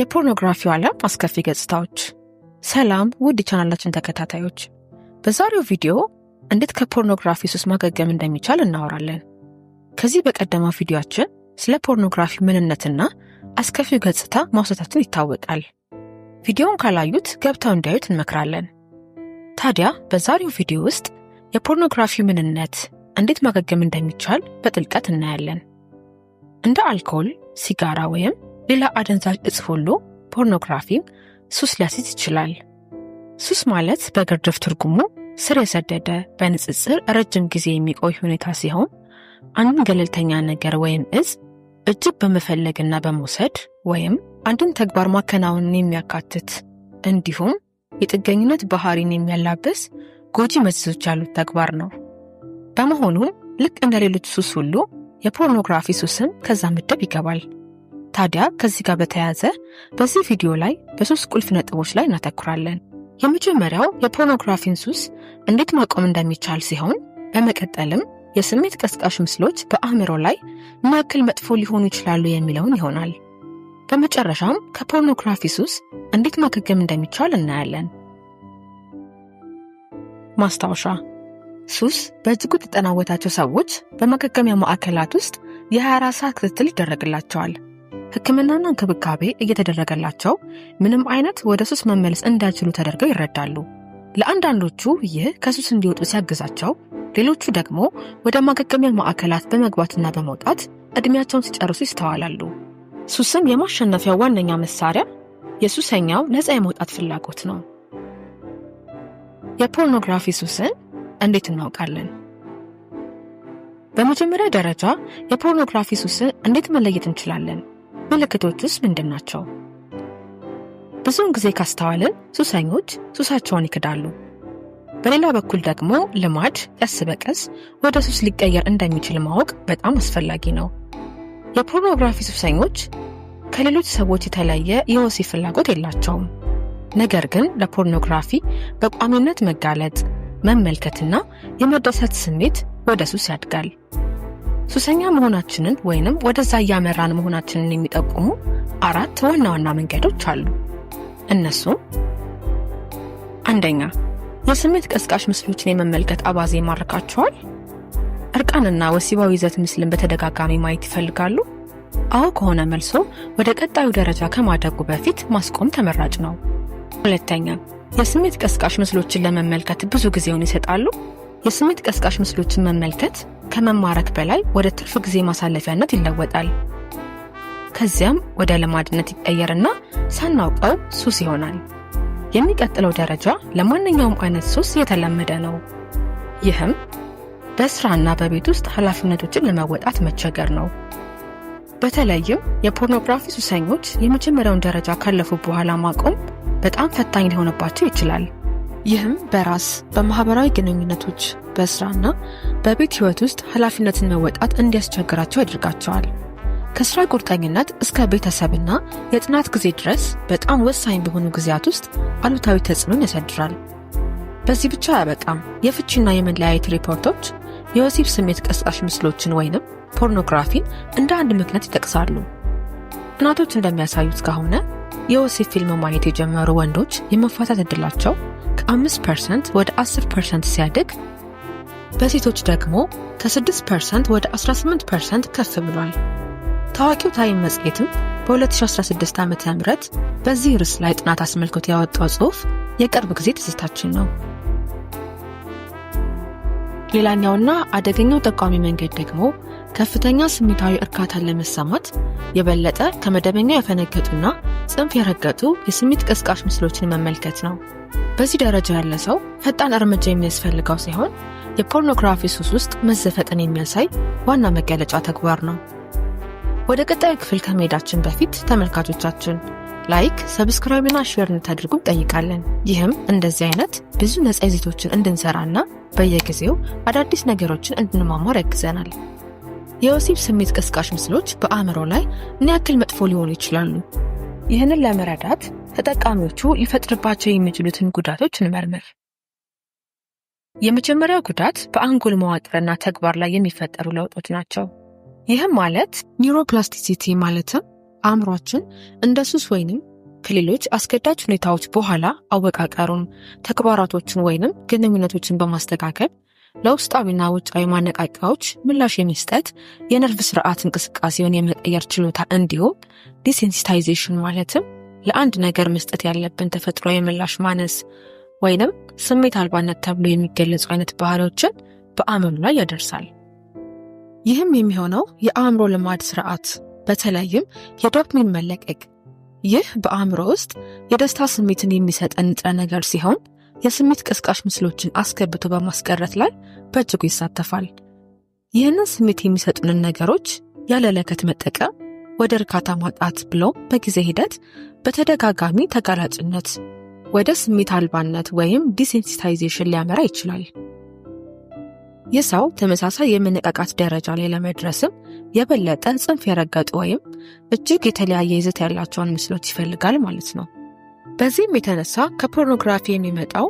የፖርኖግራፊው ዓለም አስከፊ ገጽታዎች። ሰላም ውድ ቻናላችን ተከታታዮች፣ በዛሬው ቪዲዮ እንዴት ከፖርኖግራፊ ሱስ ማገገም እንደሚቻል እናወራለን። ከዚህ በቀደመው ቪዲዮችን ስለ ፖርኖግራፊ ምንነትና አስከፊው ገጽታ ማውሰታችን ይታወቃል። ቪዲዮውን ካላዩት ገብተው እንዲያዩት እንመክራለን። ታዲያ በዛሬው ቪዲዮ ውስጥ የፖርኖግራፊ ምንነት፣ እንዴት ማገገም እንደሚቻል በጥልቀት እናያለን። እንደ አልኮል፣ ሲጋራ ወይም ሌላ አደንዛዥ እጽ ሁሉ ፖርኖግራፊም ሱስ ሊያስይዝ ይችላል። ሱስ ማለት በግርድፍ ትርጉሙ ስር የሰደደ በንጽጽር ረጅም ጊዜ የሚቆይ ሁኔታ ሲሆን አንድን ገለልተኛ ነገር ወይም እጽ እጅግ በመፈለግና በመውሰድ ወይም አንድን ተግባር ማከናወንን የሚያካትት እንዲሁም የጥገኝነት ባህሪን የሚያላብስ ጎጂ መዘዞች ያሉት ተግባር ነው። በመሆኑም ልክ እንደ ሌሎች ሱስ ሁሉ የፖርኖግራፊ ሱስም ከዛ ምድብ ይገባል። ታዲያ ከዚህ ጋር በተያያዘ በዚህ ቪዲዮ ላይ በሶስት ቁልፍ ነጥቦች ላይ እናተኩራለን። የመጀመሪያው የፖርኖግራፊን ሱስ እንዴት ማቆም እንደሚቻል ሲሆን በመቀጠልም የስሜት ቀስቃሽ ምስሎች በአእምሮ ላይ ምን ያክል መጥፎ ሊሆኑ ይችላሉ የሚለውን ይሆናል። በመጨረሻም ከፖርኖግራፊ ሱስ እንዴት ማገገም እንደሚቻል እናያለን። ማስታወሻ ሱስ በእጅጉ የተጠናወታቸው ሰዎች በማገገሚያ ማዕከላት ውስጥ የ24 ሰዓት ክትትል ይደረግላቸዋል። ህክምናና እንክብካቤ እየተደረገላቸው ምንም አይነት ወደ ሱስ መመለስ እንዳይችሉ ተደርገው ይረዳሉ። ለአንዳንዶቹ ይህ ከሱስ እንዲወጡ ሲያግዛቸው፣ ሌሎቹ ደግሞ ወደ ማገገሚያ ማዕከላት በመግባትና በመውጣት ዕድሜያቸውን ሲጨርሱ ይስተዋላሉ። ሱስም የማሸነፊያው ዋነኛ መሳሪያ የሱሰኛው ነፃ የመውጣት ፍላጎት ነው። የፖርኖግራፊ ሱስን እንዴት እናውቃለን? በመጀመሪያ ደረጃ የፖርኖግራፊ ሱስን እንዴት መለየት እንችላለን? ምልክቶች ውስጥ ምንድን ናቸው? ብዙውን ጊዜ ካስተዋልን ሱሰኞች ሱሳቸውን ይክዳሉ። በሌላ በኩል ደግሞ ልማድ ቀስ በቀስ ወደ ሱስ ሊቀየር እንደሚችል ማወቅ በጣም አስፈላጊ ነው። የፖርኖግራፊ ሱሰኞች ከሌሎች ሰዎች የተለየ የወሲብ ፍላጎት የላቸውም። ነገር ግን ለፖርኖግራፊ በቋሚነት መጋለጥ፣ መመልከትና የመደሰት ስሜት ወደ ሱስ ያድጋል። ሱሰኛ መሆናችንን ወይንም ወደዛ እያመራን መሆናችንን የሚጠቁሙ አራት ዋና ዋና መንገዶች አሉ። እነሱም አንደኛ፣ የስሜት ቀስቃሽ ምስሎችን የመመልከት አባዜ ይማርካቸዋል? እርቃንና ወሲባዊ ይዘት ምስልን በተደጋጋሚ ማየት ይፈልጋሉ? አዎ ከሆነ መልሶ ወደ ቀጣዩ ደረጃ ከማደጉ በፊት ማስቆም ተመራጭ ነው። ሁለተኛ፣ የስሜት ቀስቃሽ ምስሎችን ለመመልከት ብዙ ጊዜውን ይሰጣሉ? የስሜት ቀስቃሽ ምስሎችን መመልከት ከመማረክ በላይ ወደ ትርፍ ጊዜ ማሳለፊያነት ይለወጣል። ከዚያም ወደ ልማድነት ይቀየርና ሳናውቀው ሱስ ይሆናል። የሚቀጥለው ደረጃ ለማንኛውም አይነት ሱስ የተለመደ ነው። ይህም በስራና በቤት ውስጥ ኃላፊነቶችን ለመወጣት መቸገር ነው። በተለይም የፖርኖግራፊ ሱሰኞች የመጀመሪያውን ደረጃ ካለፉ በኋላ ማቆም በጣም ፈታኝ ሊሆንባቸው ይችላል። ይህም በራስ በማህበራዊ ግንኙነቶች፣ በስራና በቤት ህይወት ውስጥ ኃላፊነትን መወጣት እንዲያስቸግራቸው ያደርጋቸዋል። ከስራ ቁርጠኝነት እስከ ቤተሰብና የጥናት ጊዜ ድረስ በጣም ወሳኝ በሆኑ ጊዜያት ውስጥ አሉታዊ ተጽዕኖን ያሳድራል። በዚህ ብቻ አያበቃም። የፍቺና የመለያየት ሪፖርቶች የወሲብ ስሜት ቀስቃሽ ምስሎችን ወይንም ፖርኖግራፊን እንደ አንድ ምክንያት ይጠቅሳሉ። ጥናቶች እንደሚያሳዩት ከሆነ የወሲብ ፊልም ማየት የጀመሩ ወንዶች የመፋታት እድላቸው ከ5 ፐርሰንት ወደ 10 ፐርሰንት ሲያድግ በሴቶች ደግሞ ከ6 ፐርሰንት ወደ 18 ፐርሰንት ከፍ ብሏል። ታዋቂው ታይም መጽሔትም በ2016 ዓ ም በዚህ ርዕስ ላይ ጥናት አስመልክቶ ያወጣው ጽሑፍ የቅርብ ጊዜ ትዝታችን ነው። ሌላኛውና አደገኛው ጠቋሚ መንገድ ደግሞ ከፍተኛ ስሜታዊ እርካታን ለመሰማት የበለጠ ከመደበኛው የፈነገጡና ጽንፍ የረገጡ የስሜት ቀስቃሽ ምስሎችን መመልከት ነው። በዚህ ደረጃ ያለ ሰው ፈጣን እርምጃ የሚያስፈልገው ሲሆን የፖርኖግራፊ ሱስ ውስጥ መዘፈጥን የሚያሳይ ዋና መገለጫ ተግባር ነው። ወደ ቀጣዩ ክፍል ከመሄዳችን በፊት ተመልካቾቻችን ላይክ፣ ሰብስክራይብና ሼር እንድታደርጉ እንጠይቃለን። ይህም እንደዚህ አይነት ብዙ ነጻ ይዘቶችን እንድንሰራና በየጊዜው አዳዲስ ነገሮችን እንድንማማር ያግዘናል። የወሲብ ስሜት ቀስቃሽ ምስሎች በአእምሮ ላይ ምን ያክል መጥፎ ሊሆኑ ይችላሉ? ይህንን ለመረዳት ተጠቃሚዎቹ ሊፈጥርባቸው የሚችሉትን ጉዳቶች እንመርምር። የመጀመሪያው ጉዳት በአንጎል መዋቅርና ተግባር ላይ የሚፈጠሩ ለውጦች ናቸው። ይህም ማለት ኒውሮፕላስቲሲቲ ማለትም አእምሯችን እንደ ሱስ ወይንም ከሌሎች አስገዳጅ ሁኔታዎች በኋላ አወቃቀሩን፣ ተግባራቶችን ወይንም ግንኙነቶችን በማስተካከል ለውስጣዊና ውጫዊ ማነቃቂያዎች ምላሽ የሚስጠት የነርቭ ስርዓት እንቅስቃሴውን የመቀየር ችሎታ እንዲሁም ዲሴንሲታይዜሽን ማለትም ለአንድ ነገር መስጠት ያለብን ተፈጥሮ የምላሽ ማነስ ወይንም ስሜት አልባነት ተብሎ የሚገለጹ አይነት ባህሪዎችን በአእምሮ ላይ ያደርሳል። ይህም የሚሆነው የአእምሮ ልማድ ስርዓት በተለይም የዶፕሚን መለቀቅ፣ ይህ በአእምሮ ውስጥ የደስታ ስሜትን የሚሰጠን ንጥረ ነገር ሲሆን የስሜት ቀስቃሽ ምስሎችን አስገብቶ በማስቀረት ላይ በእጅጉ ይሳተፋል። ይህንን ስሜት የሚሰጡንን ነገሮች ያለ ለከት መጠቀም ወደ እርካታ ማጣት ብሎ በጊዜ ሂደት በተደጋጋሚ ተጋላጭነት ወደ ስሜት አልባነት ወይም ዲሴንሲታይዜሽን ሊያመራ ይችላል። የሰው ተመሳሳይ የመነቃቃት ደረጃ ላይ ለመድረስም የበለጠ ጽንፍ የረገጡ ወይም እጅግ የተለያየ ይዘት ያላቸውን ምስሎች ይፈልጋል ማለት ነው። በዚህም የተነሳ ከፖርኖግራፊ የሚመጣው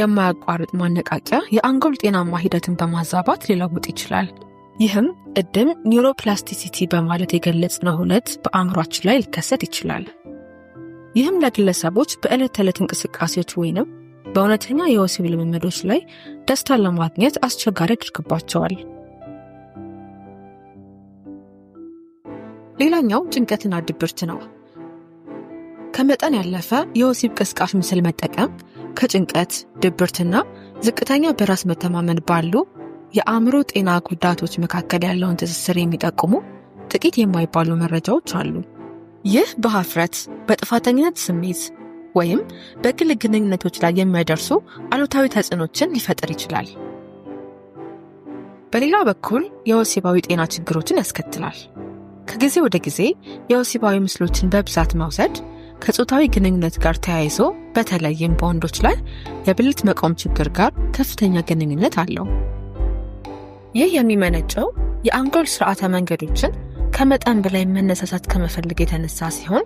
የማያቋርጥ ማነቃቂያ የአንጎል ጤናማ ሂደትን በማዛባት ሊለውጥ ይችላል። ይህም ቅድም ኒውሮፕላስቲሲቲ በማለት የገለጽነው እውነት በአእምሯችን ላይ ሊከሰት ይችላል። ይህም ለግለሰቦች በዕለት ተዕለት እንቅስቃሴዎች ወይንም በእውነተኛ የወሲብ ልምምዶች ላይ ደስታ ለማግኘት አስቸጋሪ አድርግባቸዋል። ሌላኛው ጭንቀትና ድብርት ነው። ከመጠን ያለፈ የወሲብ ቅስቃሽ ምስል መጠቀም ከጭንቀት ድብርትና ዝቅተኛ በራስ መተማመን ባሉ የአእምሮ ጤና ጉዳቶች መካከል ያለውን ትስስር የሚጠቁሙ ጥቂት የማይባሉ መረጃዎች አሉ። ይህ በሀፍረት በጥፋተኝነት ስሜት ወይም በግል ግንኙነቶች ላይ የሚያደርሱ አሉታዊ ተጽዕኖችን ሊፈጥር ይችላል። በሌላ በኩል የወሲባዊ ጤና ችግሮችን ያስከትላል። ከጊዜ ወደ ጊዜ የወሲባዊ ምስሎችን በብዛት መውሰድ ከጾታዊ ግንኙነት ጋር ተያይዞ በተለይም በወንዶች ላይ የብልት መቆም ችግር ጋር ከፍተኛ ግንኙነት አለው። ይህ የሚመነጨው የአንጎል ስርዓተ መንገዶችን ከመጠን በላይ መነሳሳት ከመፈለግ የተነሳ ሲሆን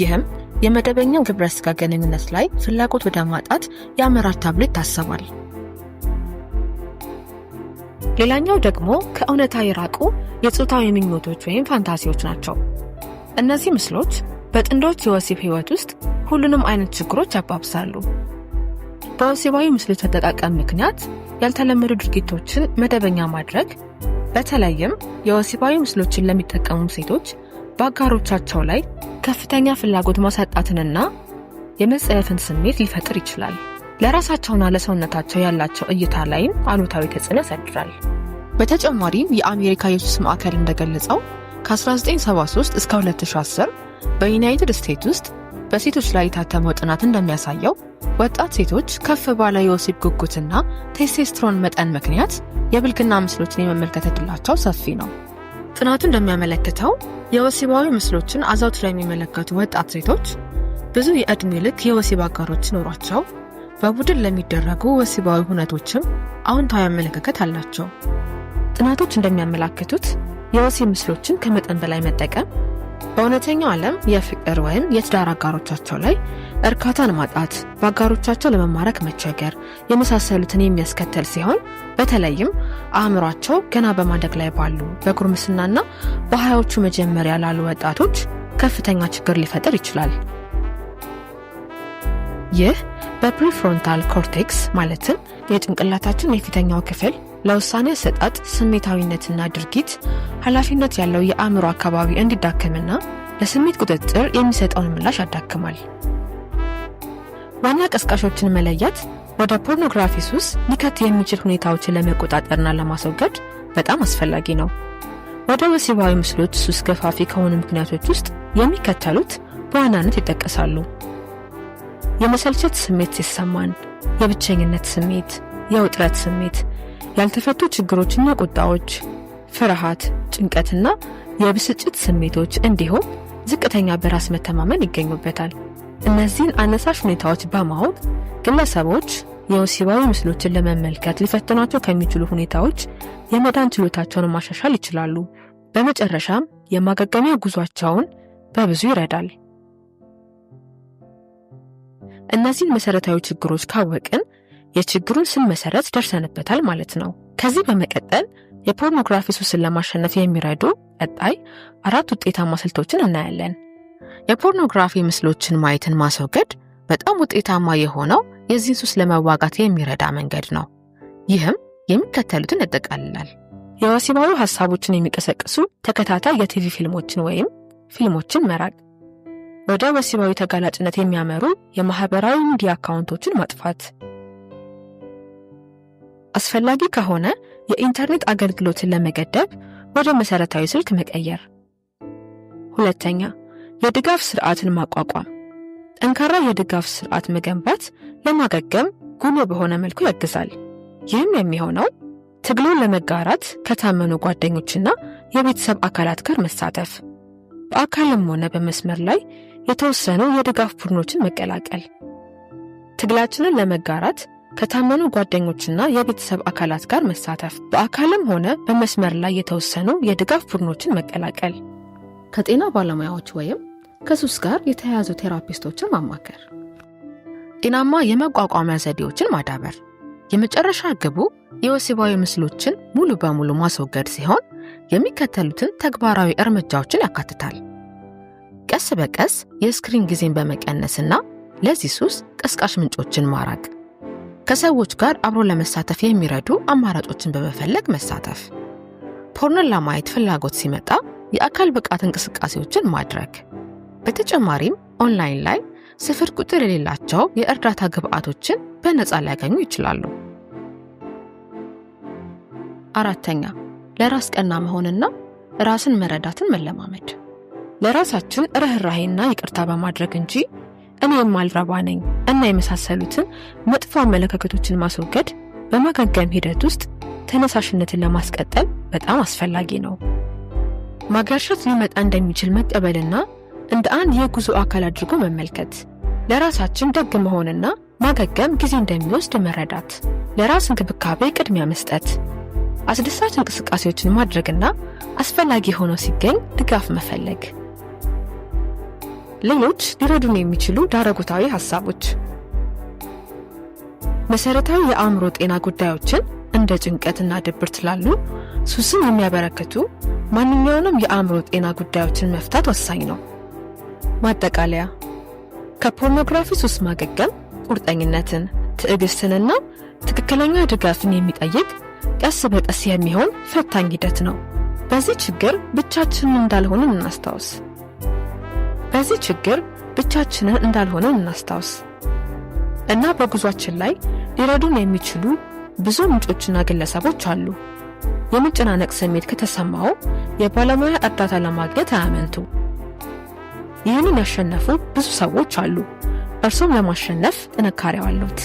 ይህም የመደበኛው ግብረ ስጋ ግንኙነት ላይ ፍላጎት ወደ ማጣት ያመራል ተብሎ ይታሰባል። ሌላኛው ደግሞ ከእውነታ የራቁ የጾታዊ ምኞቶች ወይም ፋንታሲዎች ናቸው። እነዚህ ምስሎች በጥንዶች የወሲብ ህይወት ውስጥ ሁሉንም አይነት ችግሮች ያባብሳሉ። በወሲባዊ ምስሎች አጠቃቀም ምክንያት ያልተለመዱ ድርጊቶችን መደበኛ ማድረግ በተለይም የወሲባዊ ምስሎችን ለሚጠቀሙ ሴቶች በአጋሮቻቸው ላይ ከፍተኛ ፍላጎት ማሳጣትንና የመጸየፍን ስሜት ሊፈጥር ይችላል። ለራሳቸውና ለሰውነታቸው ያላቸው እይታ ላይም አሉታዊ ተጽዕኖ ያሳድራል። በተጨማሪም የአሜሪካ የሱስ ማዕከል እንደገለጸው ከ1973 እስከ 2010 በዩናይትድ ስቴትስ ውስጥ በሴቶች ላይ የታተመው ጥናት እንደሚያሳየው ወጣት ሴቶች ከፍ ባለ የወሲብ ጉጉትና ቴስቴስትሮን መጠን ምክንያት የብልግና ምስሎችን የመመልከት ዕድላቸው ሰፊ ነው። ጥናቱ እንደሚያመለክተው የወሲባዊ ምስሎችን ላይ የሚመለከቱ ወጣት ሴቶች ብዙ የዕድሜ ልክ የወሲብ አጋሮች ኖሯቸው በቡድን ለሚደረጉ ወሲባዊ ሁነቶችም አዎንታዊ አመለካከት አላቸው። ጥናቶች እንደሚያመላክቱት የወሲብ ምስሎችን ከመጠን በላይ መጠቀም በእውነተኛው ዓለም የፍቅር ወይም የትዳር አጋሮቻቸው ላይ እርካታን ማጣት፣ በአጋሮቻቸው ለመማረክ መቸገር የመሳሰሉትን የሚያስከተል ሲሆን በተለይም አእምሯቸው ገና በማደግ ላይ ባሉ በጉርምስናና በሀያዎቹ መጀመሪያ ላሉ ወጣቶች ከፍተኛ ችግር ሊፈጥር ይችላል። ይህ በፕሪፍሮንታል ኮርቴክስ ማለትም የጭንቅላታችን የፊተኛው ክፍል ለውሳኔ አሰጣጥ ስሜታዊነትና ድርጊት ኃላፊነት ያለው የአእምሮ አካባቢ እንዲዳከምና ለስሜት ቁጥጥር የሚሰጠውን ምላሽ ያዳክማል። ዋና ቀስቃሾችን መለያት ወደ ፖርኖግራፊ ሱስ ሊከት የሚችል ሁኔታዎችን ለመቆጣጠርና ለማስወገድ በጣም አስፈላጊ ነው። ወደ ወሲባዊ ምስሎች ሱስ ገፋፊ ከሆኑ ምክንያቶች ውስጥ የሚከተሉት በዋናነት ይጠቀሳሉ። የመሰልቸት ስሜት ሲሰማን፣ የብቸኝነት ስሜት፣ የውጥረት ስሜት ያልተፈቱ ችግሮችና ቁጣዎች፣ ፍርሃት፣ ጭንቀትና የብስጭት ስሜቶች እንዲሁም ዝቅተኛ በራስ መተማመን ይገኙበታል። እነዚህን አነሳሽ ሁኔታዎች በማወቅ ግለሰቦች የወሲባዊ ምስሎችን ለመመልከት ሊፈትኗቸው ከሚችሉ ሁኔታዎች የመዳን ችሎታቸውን ማሻሻል ይችላሉ። በመጨረሻም የማገገሚያ ጉዟቸውን በብዙ ይረዳል። እነዚህን መሰረታዊ ችግሮች ካወቅን የችግሩን ስም መሰረት ደርሰንበታል ማለት ነው። ከዚህ በመቀጠል የፖርኖግራፊ ሱስን ለማሸነፍ የሚረዱ ቀጣይ አራት ውጤታማ ስልቶችን እናያለን። የፖርኖግራፊ ምስሎችን ማየትን ማስወገድ በጣም ውጤታማ የሆነው የዚህን ሱስ ለመዋጋት የሚረዳ መንገድ ነው። ይህም የሚከተሉትን ያጠቃልላል። የወሲባዊ ሀሳቦችን የሚቀሰቅሱ ተከታታይ የቲቪ ፊልሞችን ወይም ፊልሞችን መራቅ፣ ወደ ወሲባዊ ተጋላጭነት የሚያመሩ የማህበራዊ ሚዲያ አካውንቶችን ማጥፋት አስፈላጊ ከሆነ የኢንተርኔት አገልግሎትን ለመገደብ ወደ መሰረታዊ ስልክ መቀየር። ሁለተኛ፣ የድጋፍ ስርዓትን ማቋቋም። ጠንካራ የድጋፍ ስርዓት መገንባት ለማገገም ጉልህ በሆነ መልኩ ያግዛል። ይህም የሚሆነው ትግሉን ለመጋራት ከታመኑ ጓደኞችና የቤተሰብ አካላት ጋር መሳተፍ፣ በአካልም ሆነ በመስመር ላይ የተወሰኑ የድጋፍ ቡድኖችን መቀላቀል፣ ትግላችንን ለመጋራት ከታመኑ ጓደኞችና የቤተሰብ አካላት ጋር መሳተፍ፣ በአካልም ሆነ በመስመር ላይ የተወሰኑ የድጋፍ ቡድኖችን መቀላቀል፣ ከጤና ባለሙያዎች ወይም ከሱስ ጋር የተያያዙ ቴራፒስቶችን ማማከር፣ ጤናማ የመቋቋሚያ ዘዴዎችን ማዳበር። የመጨረሻ ግቡ የወሲባዊ ምስሎችን ሙሉ በሙሉ ማስወገድ ሲሆን የሚከተሉትን ተግባራዊ እርምጃዎችን ያካትታል። ቀስ በቀስ የስክሪን ጊዜን በመቀነስና ለዚህ ሱስ ቀስቃሽ ምንጮችን ማራቅ ከሰዎች ጋር አብሮ ለመሳተፍ የሚረዱ አማራጮችን በመፈለግ መሳተፍ፣ ፖርኖን ለማየት ፍላጎት ሲመጣ የአካል ብቃት እንቅስቃሴዎችን ማድረግ። በተጨማሪም ኦንላይን ላይ ስፍር ቁጥር የሌላቸው የእርዳታ ግብዓቶችን በነፃ ሊያገኙ ይችላሉ። አራተኛ ለራስ ቀና መሆንና ራስን መረዳትን መለማመድ። ለራሳችን ርኅራሄና ይቅርታ በማድረግ እንጂ እኔም አልረባ ነኝ እና የመሳሰሉትን መጥፎ አመለካከቶችን ማስወገድ በማገገም ሂደት ውስጥ ተነሳሽነትን ለማስቀጠል በጣም አስፈላጊ ነው። ማገርሸት ሊመጣ እንደሚችል መቀበልና እንደ አንድ የጉዞ አካል አድርጎ መመልከት፣ ለራሳችን ደግ መሆንና ማገገም ጊዜ እንደሚወስድ መረዳት፣ ለራስ እንክብካቤ ቅድሚያ መስጠት፣ አስደሳች እንቅስቃሴዎችን ማድረግና አስፈላጊ ሆኖ ሲገኝ ድጋፍ መፈለግ ሌሎች ሊረዱን የሚችሉ ዳረጉታዊ ሀሳቦች መሰረታዊ የአእምሮ ጤና ጉዳዮችን እንደ ጭንቀትና ድብርት ላሉ ሱስን የሚያበረክቱ ማንኛውንም የአእምሮ ጤና ጉዳዮችን መፍታት ወሳኝ ነው። ማጠቃለያ፣ ከፖርኖግራፊ ሱስ ማገገም ቁርጠኝነትን፣ ትዕግስትንና ትክክለኛ ድጋፍን የሚጠይቅ ቀስ በቀስ የሚሆን ፈታኝ ሂደት ነው። በዚህ ችግር ብቻችንን እንዳልሆንን እናስታውስ። በዚህ ችግር ብቻችንን እንዳልሆነ እናስታውስ እና በጉዟችን ላይ ሊረዱን የሚችሉ ብዙ ምንጮችና ግለሰቦች አሉ። የመጨናነቅ ስሜት ከተሰማው የባለሙያ እርዳታ ለማግኘት አያመንቱ። ይህንን ያሸነፉ ብዙ ሰዎች አሉ። እርሶም ለማሸነፍ ጥንካሬው አሉት።